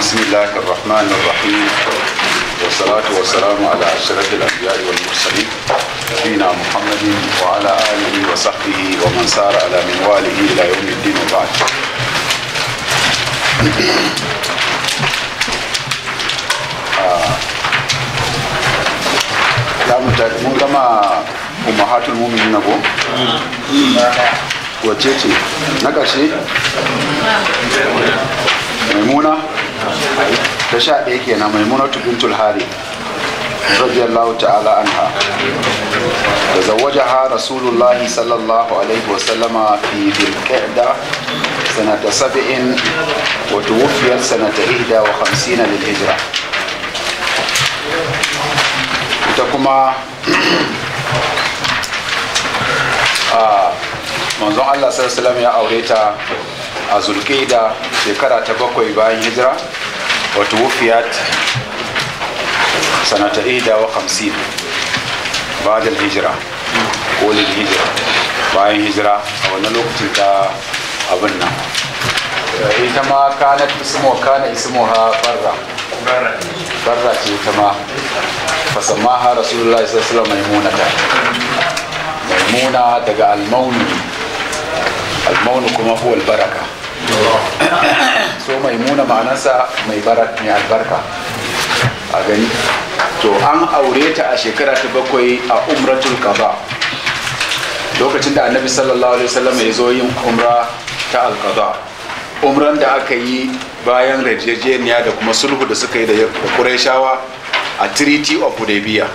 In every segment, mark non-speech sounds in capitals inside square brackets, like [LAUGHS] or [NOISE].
بسم الله الرحمن الرحيم والصلاة والسلام على أشرف الأنبياء والمرسلين نبينا محمد وعلى آله وصحبه ومن سار على منواله إلى يوم الدين وبعد mun gama umahatul mumin na ko? wacce ce na ƙarshe? maimuna ta sha ɗaya kenan munatu bintul hari radiyallahu ta'ala anha da zawajaha rasulullahi sallallahu alaihi wasallama fi bilqa'da sanata sab'in wata wufiyar sanata ihda wa hamsina lil hijira ita kuma [CLEARS THROAT] a manzon Allah sallallahu alaihi wasallam ya aure ta a zulƙida shekara ta bakwai bayan hijira wato wufiyat sanata ida wa hamsin bayan hijira kolin hijira bayan hijira a wannan lokacin ta abin nan ita ma kanat ismo kana ismo ha farra, farra ce ita ma fasamma ha rasulullahi sallallahu alaihi maimuna mai muna daga almauni almauni kuma huwa albaraka [COUGHS] so mai muna ma'anarsa mai barat mai albarka a gani to an aure ta a shekara ta bakwai a umratul kaba lokacin da annabi sallallahu alaihi wasallam ya zo yin umra ta alkaba umran da aka yi bayan rajajeniya da kuma sulhu da suka yi da kureshawa a Treaty of Hudaybiyah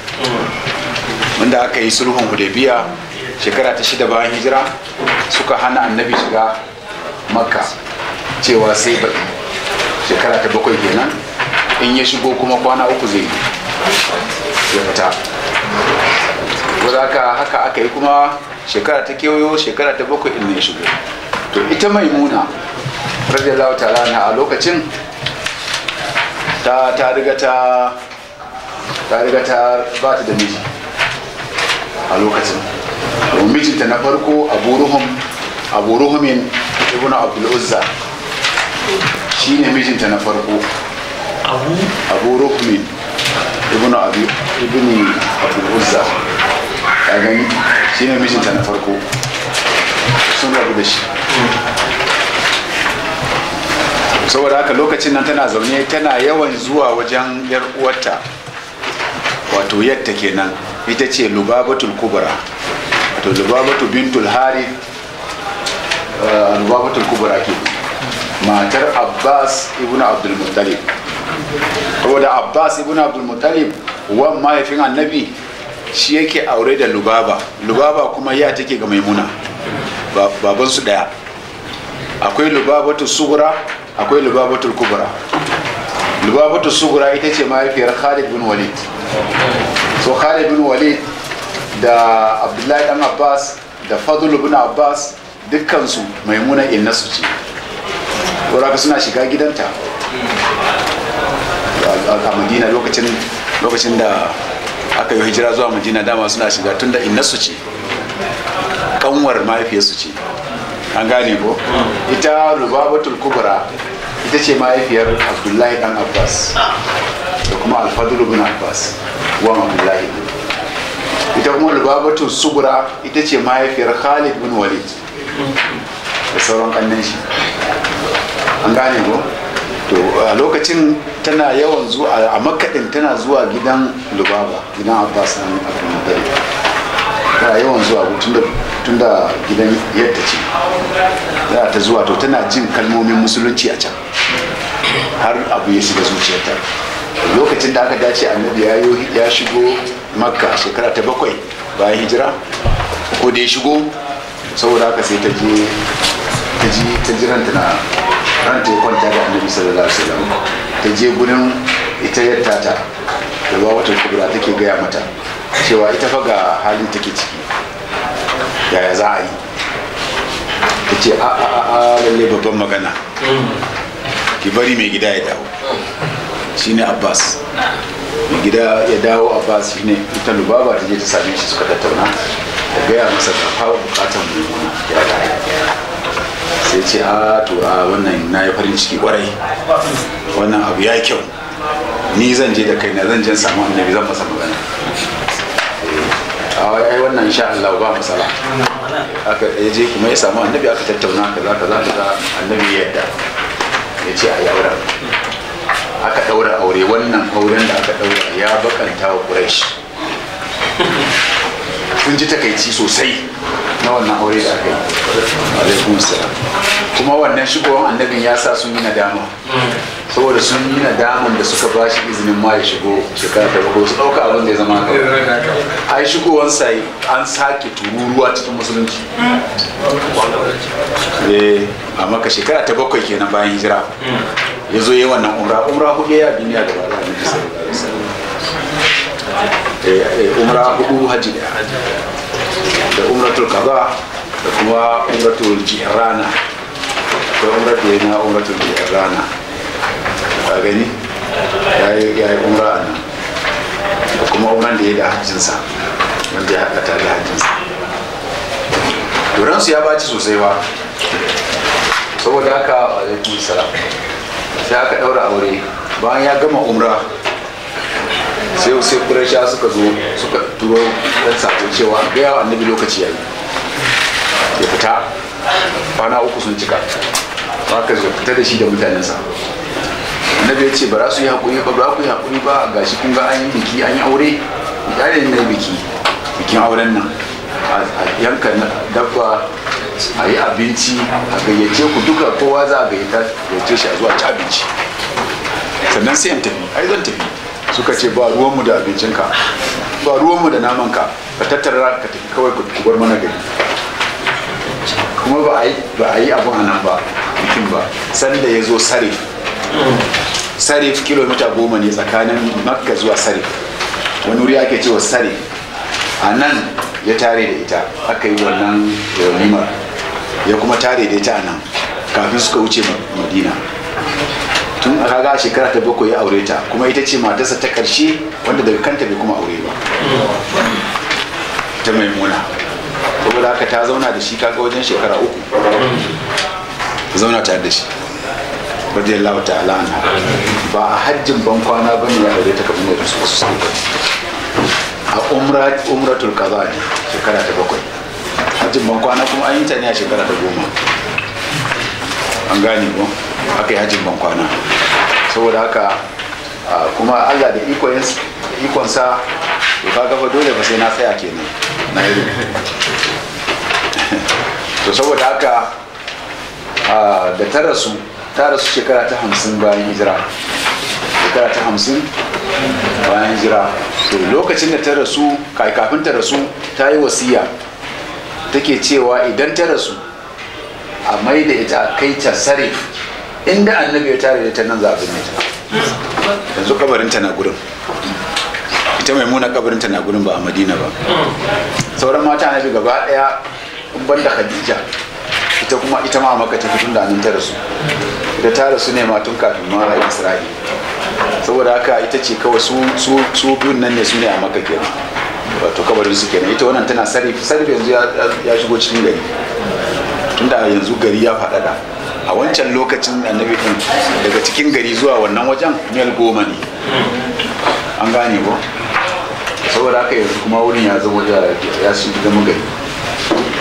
wanda aka yi sulhun Hudaybiyah shekara ta shida bayan hijira suka hana annabi shiga makka cewa sai baki shekara ta bakwai kenan in ya shigo kuma kwana uku zai ya fita wadda haka aka yi kuma shekara ta kewayo shekara ta bakwai in ya shigo to ita maimuna radiyallahu ta'ala na a lokacin ta ta riga ta ta riga ta ba ta da miji a lokacin domin mijinta na farko abu ruhum abu ruhumin ibn abdul uzza shine mijinta na farko abu abu rukmin ibn abdul uzza ya gani shine mijinta na farko sun rabu da shi saboda haka lokacin nan tana zaune tana yawan zuwa wajen yar uwarta wato yadda kenan ita ce lubabatul kubra wato lubabatu bintul harith Eh, annubawatul kubra ke matar abbas ibn abdul muttalib saboda abbas ibn abdul muttalib wan mahaifin annabi shi yake aure da lubaba lubaba kuma ya take ga maimuna baban su daya akwai lubabatul sugura akwai lubabatul kubra Lubabatu sugura ita ce mahaifiyar khalid bin walid so khalid bin walid da abdullahi dan abbas da fadlu bin abbas dukkansu maimuna su ce ka suna shiga gidanta a madina lokacin da aka yi hijira zuwa madina dama suna shiga tun da su ce kanwar mahaifiyarsu ce an gane ko ita rubabatul kubra ita ce mahaifiyar abdullahi dan abbas da kuma alfadul bin abbas wa abdullahi ita kuma rubabatul subra ita ce mahaifiyar khalid bin walid da sauran kannan shi an gane ko to a lokacin tana yawan zuwa a makaɗin tana zuwa gidan lubaba gidan abbas nan abdulmutari tana yawan zuwa tun da gidan yadda ce za ta zuwa to tana jin kalmomin musulunci a can har abu ya shiga zuciyarta lokacin da aka dace annabi ya shigo makka shekara ta bakwai bayan hijira ko da ya shigo saboda haka sai ta je ta ji ranta na ranta ya kwanta da annabi sallallahu alaihi wasallam ta je gurin ita yatta ta da ba wata kubra take gaya mata cewa ita fa ga halin take ciki yaya za a yi ta ce a a a lalle babban magana ki bari mai gida ya dawo shine abbas mai gida ya dawo abbas shine ita lubaba ta je ta same shi suka tattauna ka gaya masa ka fara bukatar mummuna ya gaya sai ce a ah, to a ah, wannan na yi farin ciki kwarai wannan abu ya kyau ni zan je da kai na zan je samu annabi zan masa magana eh, a yi wannan insha Allah ba masala aka je kuma ya samu annabi aka tattauna ka za za kaza kaza annabi ya ya ce a yaura aka daura aure wannan auren da aka daura ya bakanta wa Quraysh kun ji takaici sosai na wannan aure da aka yi kuma wannan shigowar annabin ya sa sun yi nadama saboda sun yi nadaman da suka ba shi izinin ma ya shigo shekara ta bakwai su ɗauka abin da ya zama haka ai shigowar sai an sake tururuwa cikin musulunci eh, a maka shekara ta bakwai kenan bayan hijira ya zo yi wannan umra umra hudu ya biniya da ba za a Eh, eh, umra hudu haji daya da umratul kaza da kuma umratul jihrana akwai umrar da yana umratul jihrana ka gani ya yi umra a nan da kuma umran da ya da hajjinsa wanda ya haɗa tare da hajjinsa duransu ya baci sosai ba saboda haka alaikun salam sai aka ɗaura aure bayan ya gama umra sai sai kurasha suka zo suka turo dan sako cewa ga yawa annabi lokaci yayi ya fita kwana uku sun cika haka zai fita da shi da mutanensa annabi ya ce ba za su yi hakuri ba ba ku yi hakuri ba ga shi kun ga an yi biki an yi aure ya ne biki bikin auren nan a yanka dabba a yi abinci a gayyace ku duka kowa za a gayyata gayyace shi a zuwa ci abinci sannan sai yin tafi ai zan tafi suka ce ba ruwanmu da abincinka ba ruwanmu da namanka ka tattara ka tafi kawai ku bar mana gari kuma ba a yi abu a nan ba bikin ba sanda ya zo sare sarif kilomita goma ne tsakanin makka zuwa sarif wani wuri ake cewa sarif a nan ya tare da ita aka yi wannan nimar ya kuma tare da ita a nan kafin suka wuce madina tun kaga shekara ta bakwai ya aure ta kuma ita ce matarsa ta karshe wanda daga kanta bai kuma aure ba ta maimuna saboda haka ta zauna da shi kaga wajen shekara uku zauna ta da shi radiyallahu ta'ala ala'na. ba a hajjin ban kwana ne ya aure ta kafin da su su a umratul kaza ne shekara ta bakwai hajjin ban kwana kuma an yi ta ne a shekara ta goma an gane ko aka yi ban kwana saboda haka kuma allah da ikonsa to ka gaba dole ba sai na tsaya kenan na yi [LAUGHS] to saboda haka da ta rasu ta rasu shekara ta hamsin bayan hijira shekara ta hamsin bayan hijira to lokacin da ta rasu kafin ta rasu ta yi wasiya take cewa idan ta rasu a mai da ita kai ta sarif inda annabi ya tare da ta nan za a binne ta yanzu ta na gurin ita mai muna ta na gurin ba a madina ba sauran mata na gaba daya ban da khadija ita kuma ita ma maka ta fitun da nan ta rasu ita ta rasu ne ma tun kafin mara isra'i saboda haka ita ce kawai su su su biyun nan ne su ne a maka kenan wato kabarin su kenan ita wannan tana sarif sarif yanzu ya shigo cikin gari tunda yanzu gari ya faɗaɗa a wancan lokacin annabi din daga cikin gari zuwa wannan wajen mil goma ne an gane ba saboda haka yanzu kuma wurin ya zama ya su zama gari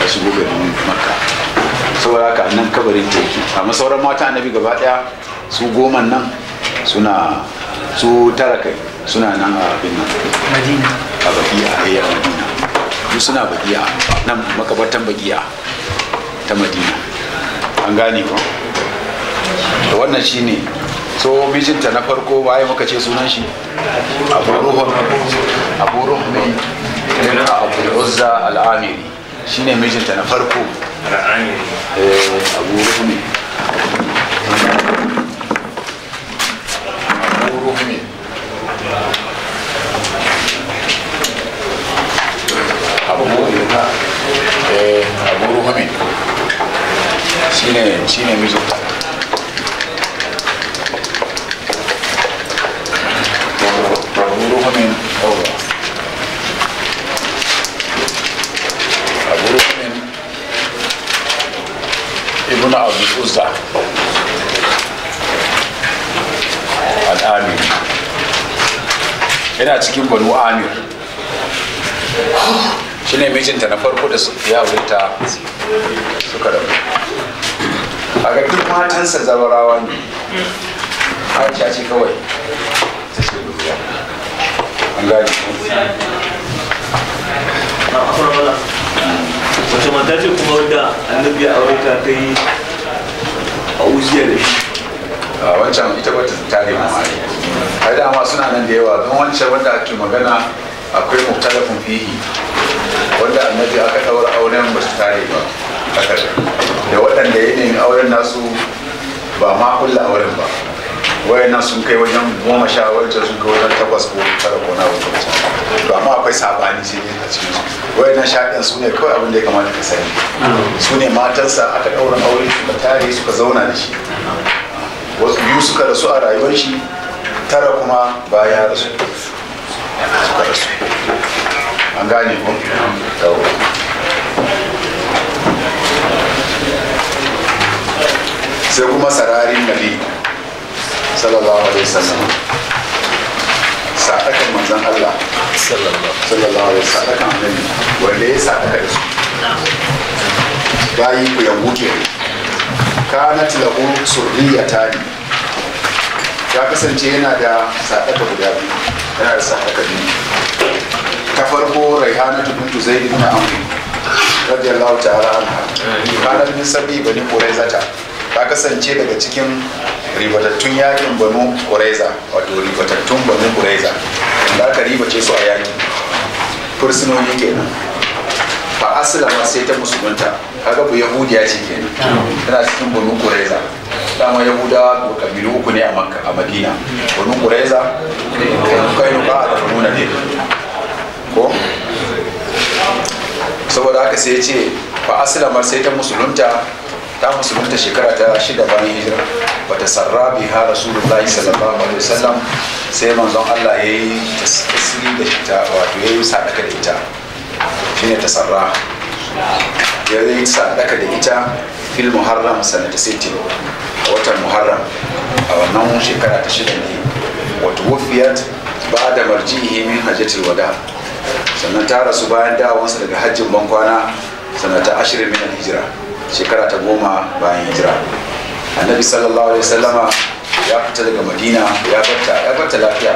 ya shigo garin makka saboda haka nan kabarin teki amma sauran mata annabi gaba daya su goma nan suna su tara kai suna nan a abin nan madina a bakiya eh, a yayyar madina su suna bakiya nan makabartan bakiya ta madina an gane ba da wannan ne? so mijinta na farko waye muka ce sunan shi abu ruhun abu ruhun ibn abu uzza al-amiri ne mijinta na farko al-amiri eh, abu ruhun abu ruhun abu ruhun eh, abu Chine, Chine music. Waburuhumin over. Ibn Abdul Uzza. Al-Amir. Yana cikin Banu Amir. Shi mijinta na farko da ya aure ta suka rabu. a ga duk matansa zabarawa ne aisha ce kawai ta ce duniya an gani wace mata ce kuma wadda annabi a aure ta yi a uziya da shi a wancan ita wata tare mamari kai dama suna nan da yawa don wancan wanda ake magana akwai muktalafin fihi wanda annabi aka daura auren ba su tare ba da waɗanda yanayin auren nasu ba ma kulla auren ba wayannan sun kai wajen goma sha wajen sun kai wajen takwas ko tara ko na wajen to amma akwai sabani sai ne a cikin su wayannan shaɗin su ne kawai abin da ya kamata ka sani su ne matarsa aka ɗaura aure suka tare suka zauna da shi wasu biyu suka rasu a rayuwar shi tara kuma baya rasu suka rasu an gane ko sai kuma sararin nabi sallallahu alaihi wasallam sadakan manzon Allah sallallahu alaihi sadakan nabi wanda ya sadaka da su bayi ku yangu ke kanat lahu surriyatani ya kasance yana da sadaka guda biyu yana da sadaka biyu ta farko raihanatu bintu zaid ibn amr radiyallahu ta'ala anha kanat min sabi bani quraizata ta kasance daga cikin ribatattun yakin banu kuraiza wato ribatattun banu kuraiza da aka ribace su a yaki fursunoni kenan fa ma sai ta musulunta kaga bu yahudiya ce kenan tana cikin banu kuraiza dama yahudawa ko kabilu uku ne a makka a madina banu kuraiza kainuka da banu ne. ko saboda haka sai ce ba fa ma sai ta musulunta ta musulunta shekara ta shida bayan hijira bata sarra biha rasulullahi sallallahu alaihi wasallam sai manzon Allah ya yi tasiri da shita wato ya yi sadaka da ita shine tasarra ya yi sadaka da ita fil muharram sanata sittin a watan muharram a wannan shekara ta shida ne wato wufiyat ba da marjihi min hajjatul wada sannan ta rasu bayan dawansa daga hajjin bankwana sanata ashirin min hijira shekara ta goma bayan hijira annabi sallallahu alaihi wasallama ya fita daga madina ya barta ya lafiya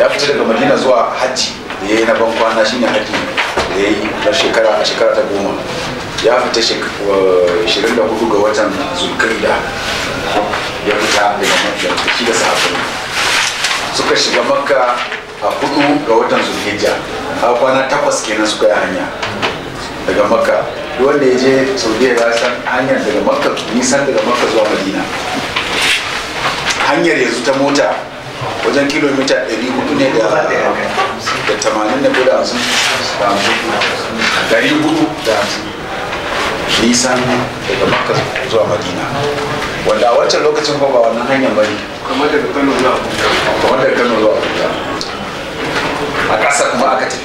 ya fita daga madina zuwa hajji da ya yi na ban kwana shine hajji da ya yi na shekara a shekara ta goma ya fita 24 ga watan zulkirda ya fita daga mafiya da shi da sahabbai suka shiga makka a hudu ga watan zulhijja a kwana takwas kenan suka yi hanya daga makka wanda ya je saudiya ya san hanyar daga makka nisan daga makka zuwa madina hanyar yanzu ta mota wajen kilomita 400 ne da da tamanin da kudu hamsin da hamsin dari da nisan daga makka zuwa madina wanda a wancan lokacin ba wannan hanyar bari kamar daga kano zuwa abuja kamar daga kano zuwa a ƙasa kuma aka tafi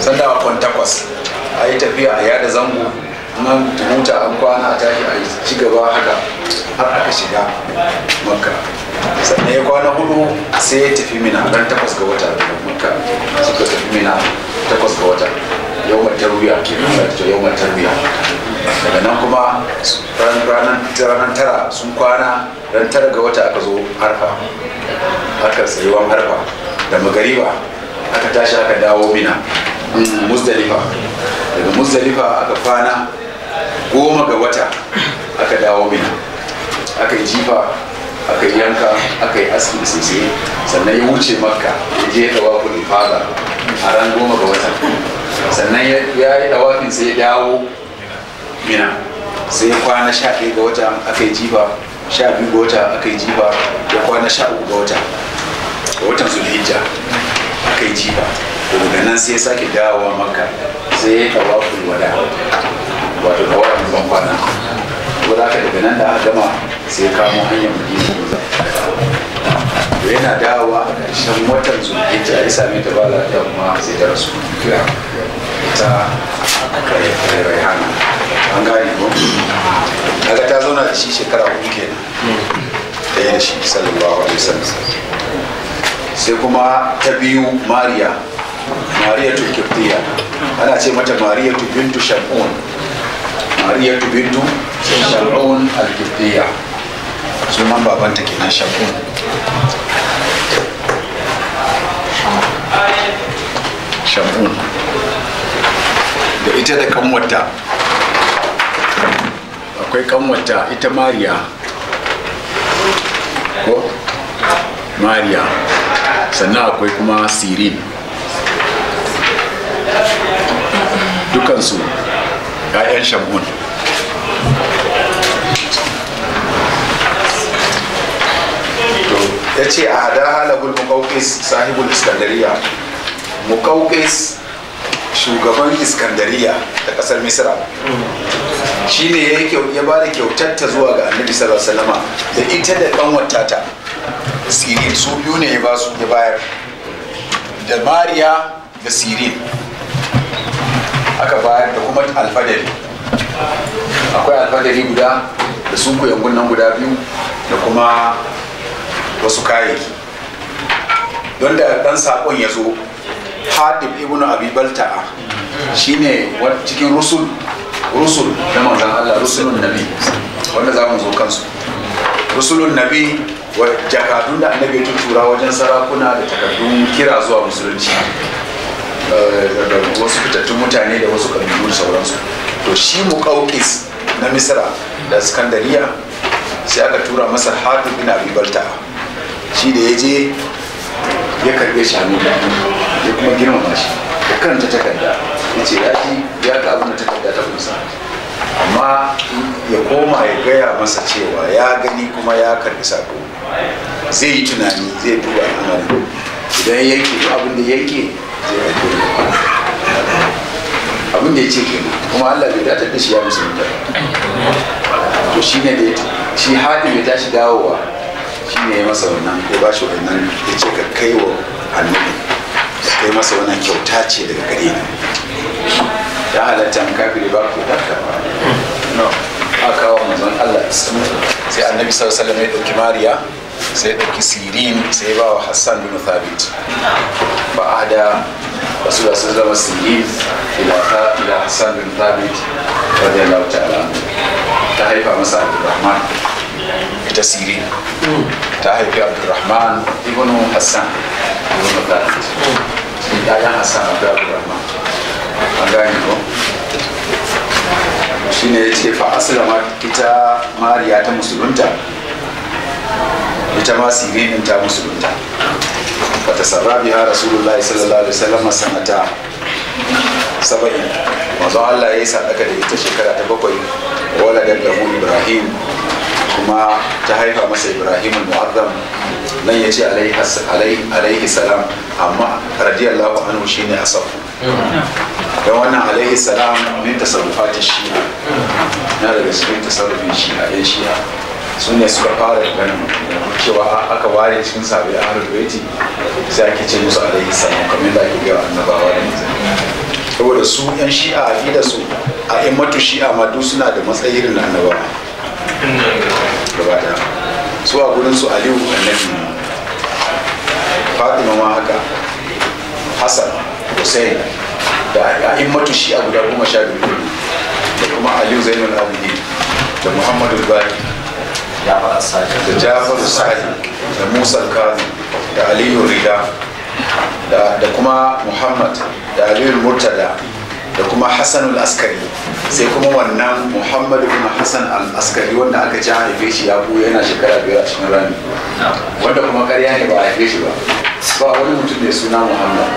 sandawa kwan takwas a yi tafiya a yada zango nan tumuta an kwana a tashi a ci gaba haka har aka shiga makka sannan ya kwana hudu sai ya tafi mina ran takwas ga wata makka suka tafi mina takwas ga wata matar wuya ke nuna matar wuya daga nan kuma ranar tara sun kwana ran tara ga wata aka zo harfa aka tsayuwan harfa da magariba aka tashi aka dawo mina musdalifa daga muzdalifa aka kwana goma ga wata aka dawo mina aka yi jifa aka yi yanka aka yi aski da sosai sannan ya wuce makka ya je ya dawa fada a ran goma ga wata sannan ya yi dawafin sai ya dawo mina sai ya kwana sha ɗaya ga wata aka yi jifa sha biyu ga wata aka yi jifa ya kwana sha uku ga wata ga watan zulhijja aka yi jifa daga nan sai ya sake dawowa makka sai ya tawaful wada wato tawaful ban kwana ko za ka daga nan da aka gama sai kamo hanyar madina to yana dawowa a ƙarshen watan zuwa ya same ta bala ta kuma sai ta rasu kira ta hana an gane ko daga ta zauna da shi shekara hudu kenan yi da shi sallallahu alaihi wasallam sai kuma ta biyu mariya mariyatu kiftiya ana ce mata mariyatu bintu sham'un mariyatu bintu sham'un al-kiftiya sunan babanta kenan sham'un sham'un da ita da kanwata akwai kanwata ita mariya ko mariya sannan akwai kuma sirin dukansu ‘ya'yan shamun ya ce a hada halagul mukaukis sahibul iskandariya mukaukis shugaban iskandariya da kasar misra shi ne ya ba da kyautarta zuwa ga annabi sallallahu salama da ita da kanwata ta sirin su biyu ne ya bayar da mariya da sirin aka bayar da kuma alfadari akwai alfadari guda da sun kuyangun nan guda biyu da kuma wasu kayayyaki don da dan saƙon ya zo hadib ibn abi shi shine cikin rusul rusul na manzan Allah rusulun nabi wanda za mu zo kansu rusulun nabi wa jakadun da annabi ya tura wajen sarakuna da takardun kira zuwa musulunci wasu fitattun mutane da wasu kabilu da sauransu to shi mu kaukis na misra da skandariya sai aka tura masa hadu bin abi shi da ya je ya karbe shanu da ya kuma girmama shi da ta takarda ya ce ya ji ya ka abin da takarda ta kusa amma ya koma ya gaya masa cewa ya gani kuma ya karɓi sako zai yi tunani zai duba al'amarin idan yake abin da yake abin da ya ce kenan kuma Allah bai datar da shi ya musulunta to shi ne da shi haɗin ya tashi dawowa shi ne ya masa wannan ko ba shi wannan ya ce ka kai wa annabi ka kai masa wannan kyauta ce daga gare ni ya halatta an kafiri ba ku da ba a kawo manzon Allah sai annabi sallallahu alaihi wasallam ya dauki Mariya sai ɗauki sirin sai ba wa hassan bin thabit ba a da wasu da sun zama sirin ila hassan bin thabit wadda ya lauta alamu ta haifa masa abdurrahman ita sirin ta haifi abdurrahman ibn hassan ibn thabit ɗayan hassan abu abdurrahman an gani ko shine ya ce fa asalama ita mariya ta musulunta ita ma in ta musulunta wata sarrabi ha rasulullahi sallallahu alaihi wasallam sanata saba'in manzo Allah ya yi sadaka da ita shekara ta bakwai wala da lahu ibrahim kuma ta haifa masa ibrahim mu'azzam nan ya ce alaihi salam amma radiyallahu anhu shine asafu don wannan alaihi salam min ta shi na daga cikin tasarrufin shi a yan shi'a eh, su ne suka fara da ganin cewa aka ware cikin sabi a harin beti sai ake ce musu alaihi salam kamar da ake gawa annabawa da mutane saboda su yan shi'a a da su a matu shi'a ma duk suna da matsayi irin annabawa gabata su a gudun su aliyu annabi fatima ma haka hassan hussein da a matu shi'a guda goma sha biyu da kuma aliyu zainul abidin da muhammadu bari da jafar asadi da musa kazi da aliyu rida da kuma muhammad da aliyu murtada da kuma hassan askari sai kuma wannan muhammad ibn hassan al-askari wanda aka ci haife shi ya buya yana shekara biyar a cikin rami wanda kuma karya ne ba a haife shi ba ba wani mutum mai suna muhammad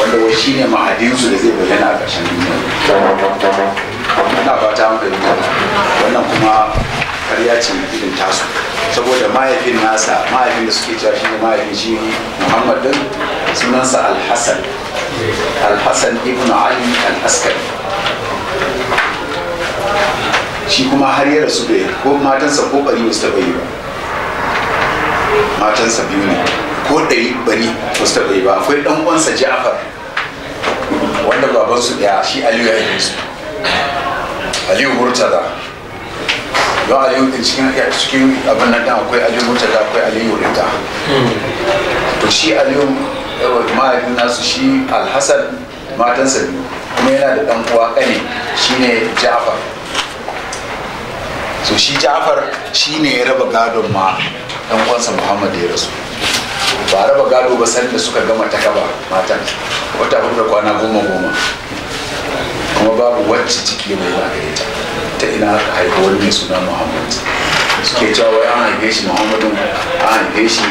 wanda wai shi ne mahadinsu da zai bayyana a ƙarshen duniya na fata wannan kuma karya ce irin tasu saboda mahaifin nasa mahaifin da suke cewa shi mahaifin shi ne muhammad din sunansa alhassan alhassan ibn ali al-askari shi kuma har yara su bai ko matansa ko bari ba su taɓa yi ba matansa biyu ne ko ɗari bari ba su taɓa yi ba akwai ɗan uwansa ja'far wanda babansu ɗaya shi aliyu ya yi musu aliyu murtada don aliyu din cikin ya cikin abin nan dan akwai aliyu mutar da akwai aliyu rinta to shi aliyu mahaifin nasu shi alhassan matansa biyu kuma yana da dan uwa kane shine ja'far so shi ja'far shine ya raba gadon ma dan uwansa muhammad ya rasu ba raba gado ba san da suka gama ta kaba matan wata hudu da kwana goma goma kuma babu wacce ciki mai ba gare ta ta ina aka haifi wani mai suna muhammad ke cewa wai an haife shi muhammadu an haife shi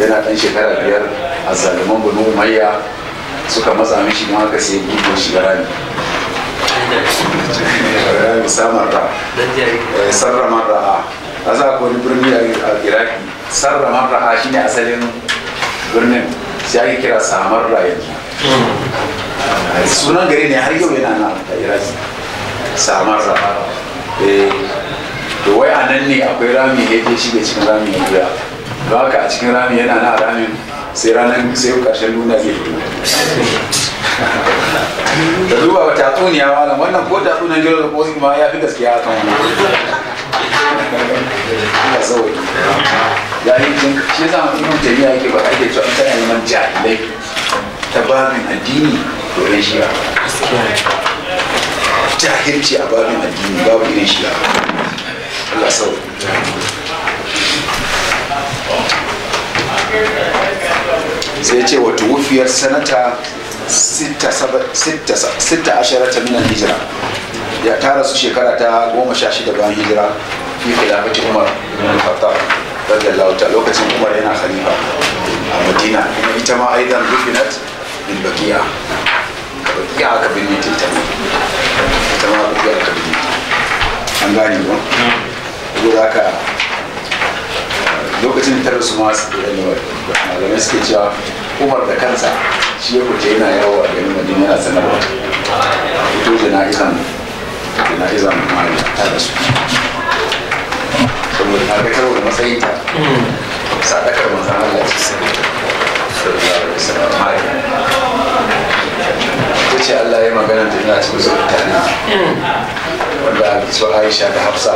yana dan shekara biyar a zaliman bunu umayya suka matsa mishi ma haka sai gudu shi rami eh, sarraman ra'a a za wani birni a iraki sarraman ra'a shine asalin birnin sai ake kira samar ra hmm. sunan gari ne har yau yana na a iraki samar ra'a Eh, to wai a nan ne akwai rami ya ke shiga cikin rami guda don haka a cikin rami yana na ramin sai ranar sai karshen nuna zai fito da [LAUGHS] duba wa tatsuniya malam wannan ko tatsuniya gero da kosi ma ya fi gaskiya a kan wani ya yi jin shi yasa mutum jami'a yake ba ake cewa ita ne man jahilai ta babin addini to ne shi jahilci a babin addini babu irin shi a Allah sau sai ce wata wufiyar sanata 16 ta minan hijira ya tara su shekara ta goma sha shida bayan hijira fi khilafati umar ibn al-khattab radiyallahu ta'ala lokacin umar yana khalifa a madina kuma ita ma aidan rufinat bil bakiya baqiya aka binne tinta ita ma a a kaduna an gane ba saboda haka lokacin tare su masu malamai suke cewa umar da kansa shi ya kuce yana yawo a garin madina yana sanarwa to jana'izan jana'izan mali ta da su saboda ta ga karo da matsayinta sadakar maza yana cikin su mutane wanda su aisha da hafsa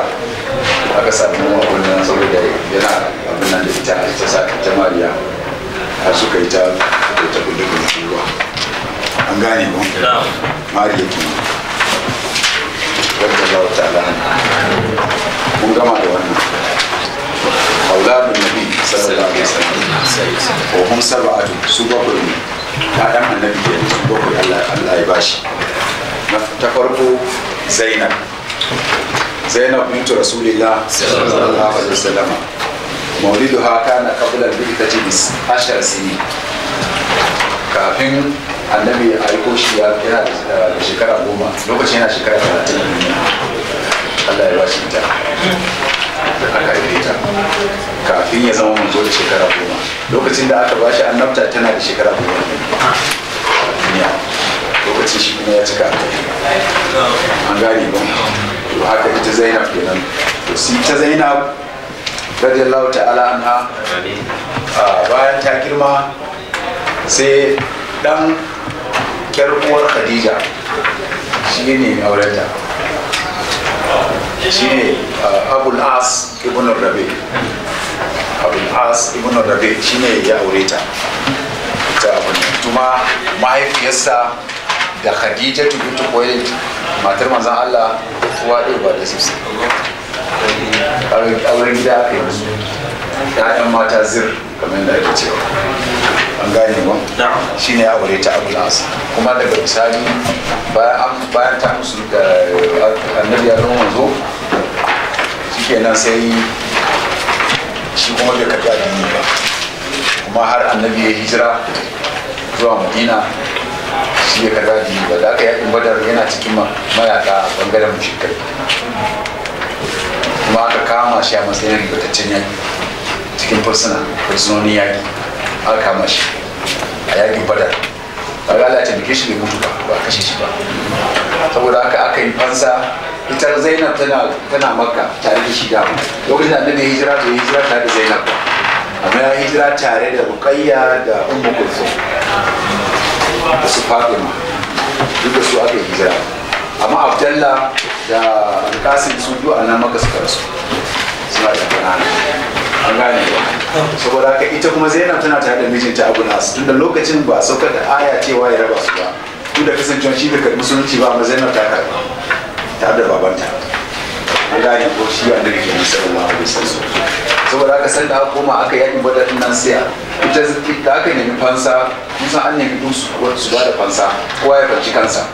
aka samu abin nan saboda yana abin nan da ita ta sa ta mariya har suka yi ta da ta kudu da ruwa an gane ba mariya ke wanda za ta lana kun gama da wannan auladun nabi sallallahu alaihi wasallam wa hum sab'atu su bakwai ne ta dan annabi ke su bakwai Allah Allah ya bashi ta farko zainab zainab mutu rasulillah sallallahu alaihi wasallam ha kana qabla al-bi'tati bi ashar sini, kafin annabi ya aiko shi ya kira da eh, shekara goma lokacin yana shekara talatin duniya Allah ya bashi ta da aka yi ta kafin ya zama mutu da shekara goma lokacin da aka bashi annabta tana da shekara goma duniya lokaci shi kuma ya cika an gane ba to haka ita zainab kenan to si ta zainab radiyallahu ta'ala anha bayan ta girma sai dan kyar uwar khadija shi ne aurenta shi ne abul as ibn rabi abul as ibn rabi shi ne ya aure ta ita abun tuma mahaifiyarsa da khadija tu bintu koyi matar manzan allah uwa ɗaya ba da sisi auren gida aka yi musu ya'yan mata zir kamar da ake cewa an gane ba shi ne aure ta abu lasa kuma daga misali bayan ta musu da annabi ya zama manzo shikenan sai shi kuma bai karɓi addini ba kuma har annabi ya hijira zuwa madina shi ya kaza da yi ba da aka yakin badar yana cikin mayaka ɓangaren mushrikai kuma aka kama shi a matsayin ribataccen yaki cikin fursuna fursunoni yaƙi aka kama shi a yaƙin badar ba ga Allah taimake shi bai mutu ba ba kashe shi ba saboda haka aka yi fansa ita zainab tana tana makka tare da shi da lokacin da annabi hijira to hijira tare da zainab amma ya hijira tare da ruqayya da ummu kulsum da su fatima duk da su aka yi hijira amma abdalla da alkasin su biyu a nan maka su rasu suna da kanana an gane ba saboda haka ita kuma zainab tana tare da mijinta abu nasu tun da lokacin ba saukar da aya cewa ya raba su ba tun da kasancewa shi da karbi musulunci ba amma zainab ta karba tare da babanta an gane ko shi annabi ke musa Allah alaihi wasallam saboda haka sanda aka koma aka yaƙi badar din nan sai ita da aka nemi fansa musa an nemi duk su ba da fansa kowa ya farci kansa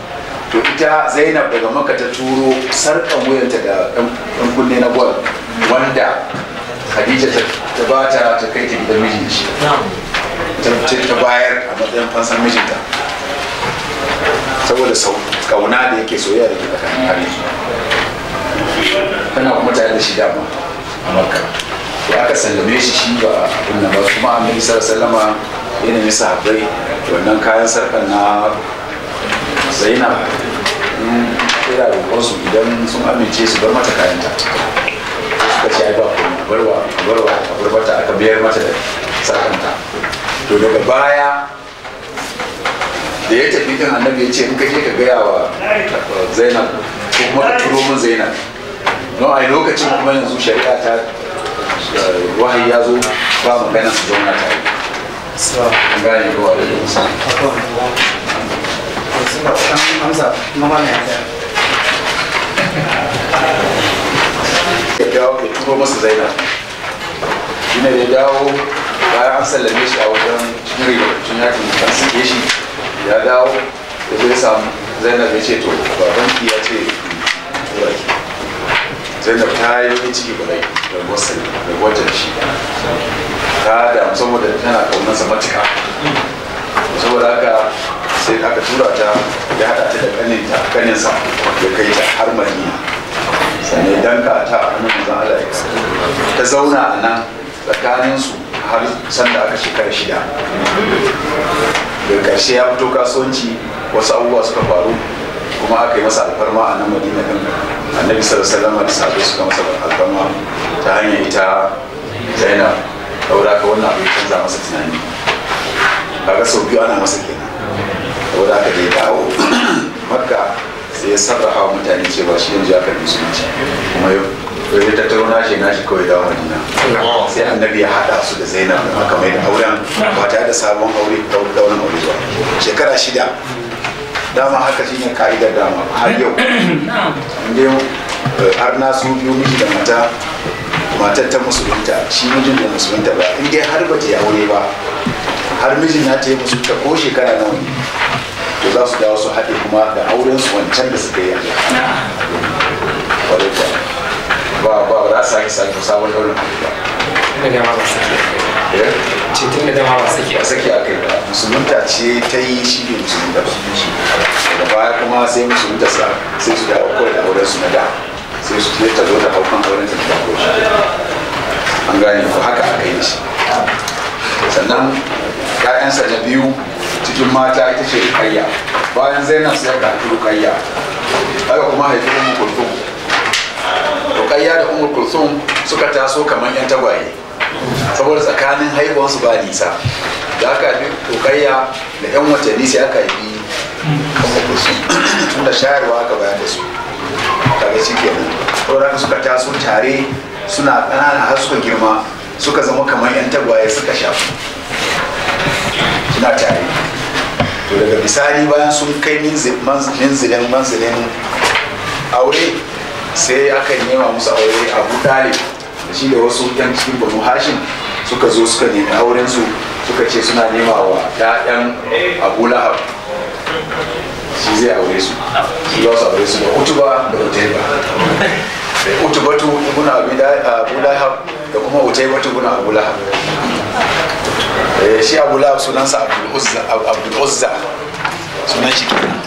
to ita zainab daga maka ta turo sarkan wuyanta da ɗan kunne na gwal wanda khadija ta ba ta ta kai ta gidan mijinci ta bayar a matsayin fansan mijinta saboda kauna da yake soyayya da ke tsakanin tana kuma tare da shi dama a makka ya aka sallame shi shi ba abin ba kuma annabi sallallahu sallama yana nisa habbai wannan kayan sarkar na zainab kira da su idan sun amince su bar mata kayan ta suka ce ai ba barwa barwa barbata aka biyar mata da ta to daga baya da ya tafi kan annabi ya ce in ka je ka gaya wa zainab ko kuma ka turo min zainab don a lokacin kuma yanzu shari'a ta eh, wahayi ya zo ba magana su zauna tare gane ko dawo masa zaina shi ne dawo bayan an sallame shi a wajen cikin rigakacin yakin kan suke shi ya dawo ya zai samu zainab ya ce to babanki ya ce turaki zainab ta yi wani ciki ba rai da wasan da wajen shi ta damu saboda tana kaunarsa matuka saboda haka sai aka tura ta ya haɗa ta da kaninta kaninsa ya kai ta har madina sannan danka ta a hannun manzon Allah ta zauna a nan tsakaninsu har sanda aka shekara shida da ƙarshe ya fito kasuwanci wasu abubuwa suka faru kuma aka yi masa alfarma a nan madina din annabi sallallahu alaihi wasallam da suka masa alfarma ta hanyar ita zainab saboda ka wannan abu canza masa tunani kaga sau biyu ana masa kenan saboda ka da ya dawo [CLEARS THROAT] makka sai ya sarrafa wa mutane cewa shi yanzu ya karbi sunanci kuma yau ya tattaro na shi kawai dawo madina sai annabi ya haɗa su da zainab aka mai da auren ba tare da sabon aure dauran aure ba shekara shida dama haka shine ka'idar dama har yau inda har eh, na su biyu miji da mata matar ta musulunta shi mijin da musulunta ba in dai har bata yi aure ba har mijin na ta yi musulunta ko shekara nawa ne to za su dawo su haɗe kuma da auren su wancan da suka yi a ba ba ba za su sake sake sabon daurin ba ce tun da dama ba a saki a kai ba musulunta ce ta yi shi ne musulunta ba da baya kuma sai musulunta sa sai su dawo kawai da auren su na da sai su ta zo da haukan auren ta da ko shi an gane ko haka aka yi shi sannan ƴaƴansa da biyu cikin mata ita ce rukayya bayan zainab sai aka haifi rukayya aka kuma haifi umar kulthum rukayya da umar kulthum suka taso kamar yan tagwaye saboda tsakanin haihuwansu ba nisa da aka bi kokayya da yan watanni sai aka yi ku su da shayarwa aka bayar da su daga shi kenan saboda suka taso tare suna ƙanana har suka girma suka zama kamar yan tagwaye suka shafi. suna tare to daga misali bayan sun kai manzilin manzilin aure sai aka nema musu aure abu talib shi da wasu yan cikin banu hashin suka zo suka nemi aurensu suka ce suna nema wa ɗaɗan abu lahab shi zai aure su shi za su aure su da kutuba da utaiba da utubatu guna abu lahab da kuma utaibatu guna abu lahab eh, shi abu lahab sunansa abdul uzza sunan shi kenan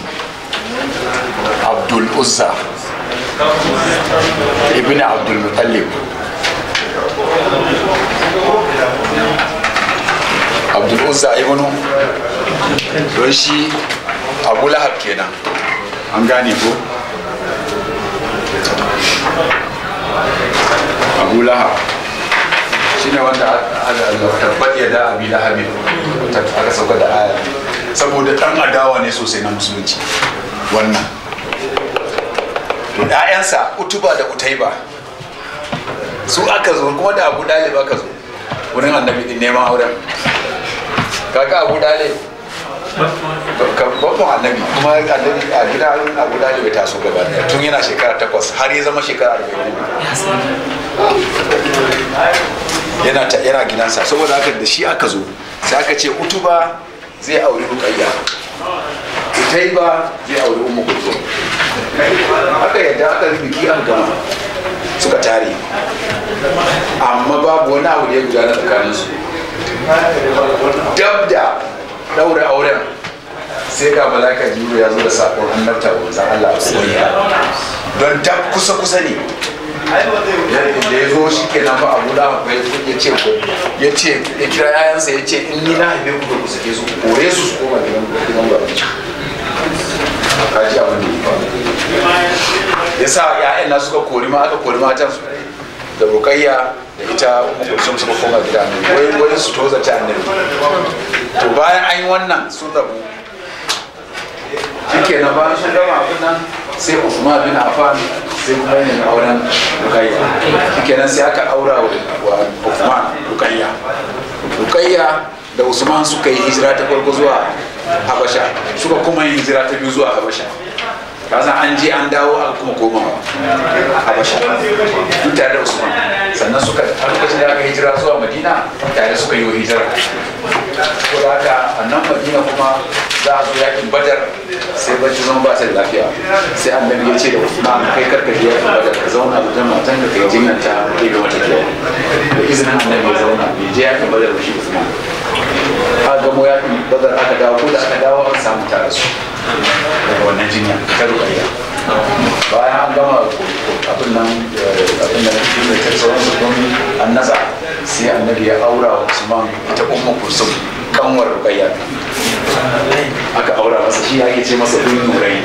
abdul uzza ibn abdul mutallib abdul uzza ibnu don shi abu lahab kenan an gane ko abu lahab shi ne wanda tabbat ya da abi lahabin aka sauka da aya saboda dan adawa ne sosai na musulunci wannan to 'ya'yansa utuba da utaiba su aka zo kuma da abu dalib aka zo wurin annabi din neman auren kaka abu dalib babban annabi kuma annabi a gida abu dalib ya taso gaba da tun yana shekara takwas har ya zama shekara arba'in yana ta yana gidansa saboda haka da shi aka zo sai aka ce utuba zai auri rukayya utaiba zai auri ummu kulthum haka yadda aka yi ki an gama suka tare amma babu wani abu da ya gudana tsakanin su dab da daura auren sai ga malaka jiru ya zo da sakon annabta wanzan Allah a don dab kusa kusa ne da ya zo shi kenan ba abu da hafa ya ce ya ce ya kira yayansa ya ce in ni na haife ku da ku su kore su su koma gidan kaji abin da ya faru ya sa ya'yan nasu suka kori ma aka kori matan su da rukayya da ita kulsum suka koma gida ne wai wai su toza ta annabi to bayan an yi wannan sun rabu shike na bayan sun gama abin nan sai usman bin affan sai kuma yin auren rukayya shike nan sai aka aura wa usman rukayya rukayya da usman suka yi hijira ta farko zuwa habasha suka kuma yi hijira ta biyu zuwa habasha kasan an je an dawo an kuma komawa habasha duk tare da usman sannan suka a lokacin da aka hijira zuwa madina tare suka yi wa hijira ko da haka a nan madina kuma za a zo yakin badar sai bacci zama ba sai da lafiya sai an annabi ya ce da usman kai karka je yakin badar ka zauna da jan tan da kai jinyar ta ɗebe mata kiyaye da izinin annabi ya zauna bai je yakin badar da shi usman a gamo yakin badar aka dawo ko da aka dawo an samu tare su daga wannan jinya ta rukaiya bayan an gama abin nan eh, abin da nake da sauran su komi an nasa sai annabi ya aura wa usman ita ummu kulsum kanwar rukaiya aka aura masa shi ya ke ce masa dun nurai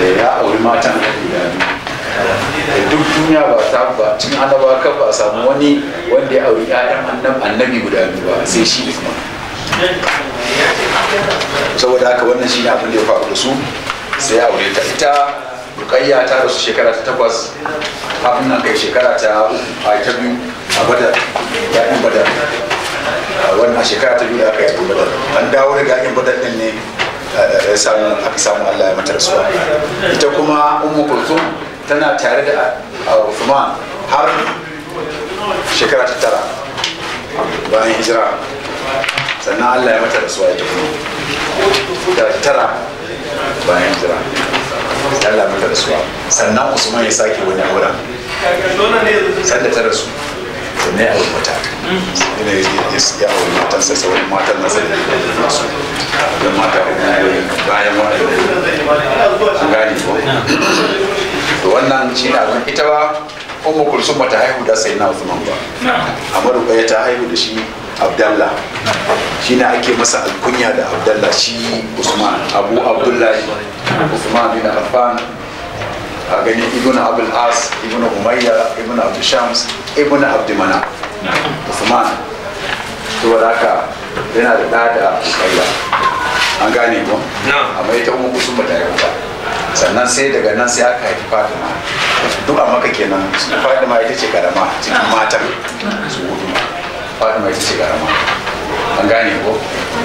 eh, ya auri matan eh, duk duniya ba ta ba cikin annabawa kan ba a samu wani wanda ya auri 'ya'yan annabi guda biyu ba sai shi usman saboda haka wannan shi ne abin da ya faru da su sai ya aure ta ita rukayya ta rasu shekara ta takwas kafin nan kai shekara ta a ta biyu a badar yaƙin badar wannan shekara ta biyu da aka yaƙin badar an dawo daga yaƙin badar ɗin ne samu aka samu Allah ya mata rasuwa ita kuma ummu kulthum tana tare da Uthman har shekara ta tara bayan hijira sannan allah ya mata suwa ya tafi da tara bayan jira allah mata suwa sannan usman ya sake wani aura sanda ta rasu sannan ya auri mata ina ya auri matan sai sauran matan na sai da su don mata bayan wani an gani ko to wannan shi na ita ba ummu kulsum bata haihu da sai na usman ba amma ruqayya ta haihu da shi abdalla shi ne ake masa alkunya da abdalla shi usman abu abdullahi usman bin affan a ganin ibn abul as ibn umayya ibn abdul shams ibn abdu mana usman to haka yana da ɗa da umayya an gane ko amma ita umu sun ba ta yi ba sannan sai daga nan sai aka haifi fatima duk a maka kenan fatima ita ce karama cikin matan su hudu fatima ita ce garama an gane ko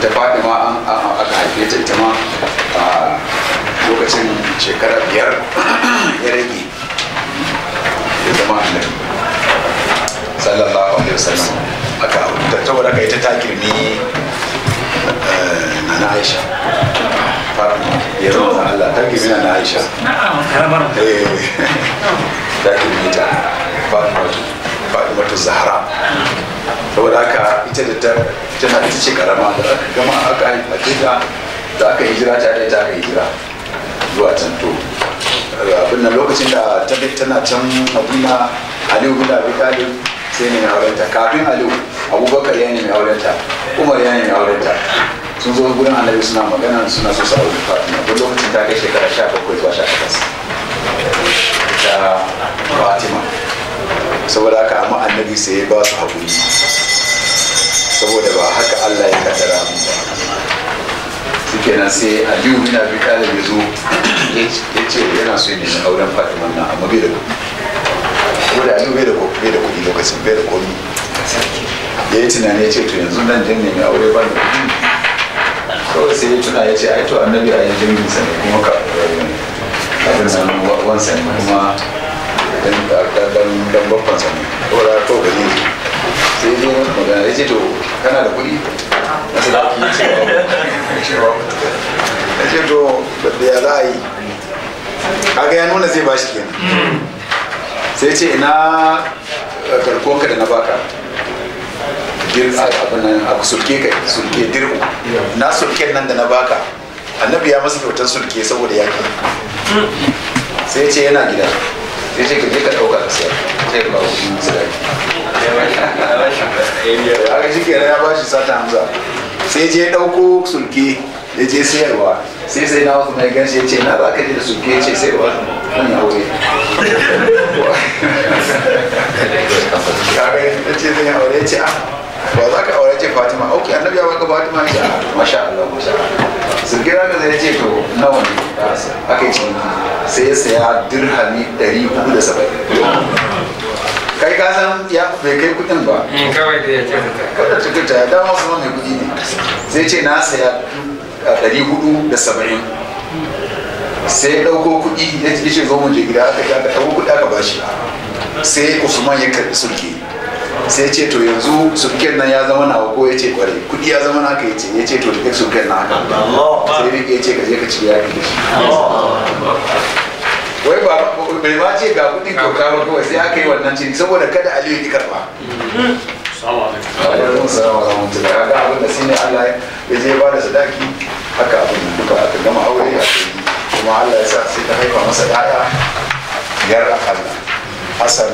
ta fatima an aka haife ta ita ma a lokacin shekara biyar [CLEARS THROAT] ya rage ya a nan sallallahu alaihi wasallam aka ta saboda aka ita ta girmi eh, na aisha fara ya zama Allah ta girmi na aisha na'am eh, ta girmi ta fatima fatima zahara. saboda haka ita da ta tana ita ce karama da aka gama aka haiface ta da aka hijira ta da ta aka hijira zuwa can to abin nan lokacin da ta tana can madina aliyu bin abi talib sai ne mai aurenta kafin aliyu abubakar ya ne mai aurenta umar ya ne mai aurenta sun zo gurin annabi suna magana suna so sa aure fatima duk lokacin ta kai shekara sha bakwai zuwa sha takwas Ita fatima saboda haka amma annabi sai ya ba su haƙuri saboda ba haka Allah ya kaddara mu ba suke nan sai a biyu bin Abi kare ya zo ya ce yana so yin auren Fatima nan amma bai da kuɗi ko da Aliyu bai da kuɗi bai da lokacin bai da komi ya yi tunani ya ce to yanzu nan jin nemi aure ba da kuɗi kawai sai ya tuna ya ce ai to annabi a yin jirgin sa ne kuma ka abin nan wansa ne kuma dan dan dan ne yi mata magana ya ce to kana da kuɗi na sadaki ya ce ba ya ce to da ya za a yi kaga ya nuna zai bashi kenan sai ce ina eh, garkuwanka da na baka a sulke ka sulke dirku na sulken nan da na baka annabi ya masa kyautar sulke saboda yaki sai ce yana gida sai ce ka je ka ɗauka ka siya sai ba ku yi shi kenan ya bashi sata hamza sai je ɗauko sulke ya je sayarwa sai sai na wasu mai ganshi ya ce na za ka je da sulke ya ce sayarwa nan na wuri ya ce zai aure ya ce ah to za ka aure ce fatima ok annabi ya baka fatima ya masha Allah masha zingira da zai ce to nawa ne aka ce sai ya saya dirhami 470 kai ka san ya bai kai kudin ba eh, kawai da ya ce kada cikin ta dama su mai kudi ne sai ce na saya 470 sai ya dauko kudi ya ce zo mu je gida aka ɗauko kudi aka bashi sai usman ya karbi sulki sai ce to yanzu sukken nan ya zama na ko ya ce kwarai kudi ya zama na ka ce ya ce to duk sukken na haka sai rike ya ce ka je ka ci ya da wai ba bai ba ce ga kudi to ka ba kawai sai aka yi wannan cin saboda kada aliyu ya karba salamu alaikum salamu alaikum ga abin ne Allah ya je ba da sadaki haka aka gama aure a kuma Allah ya sa sai ta haifa masa 'ya'ya biyar akalla Hassan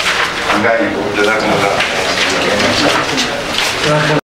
an gane ko da